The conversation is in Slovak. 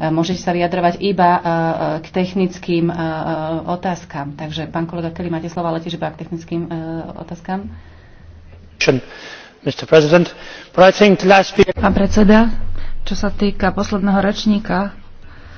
E, môžete sa vyjadrovať iba e, e, k technickým otázkam. Takže, pán kolega Kelly, máte slovo, ale tiež iba k technickým otázkam. Pán predseda, čo sa týka posledného rečníka,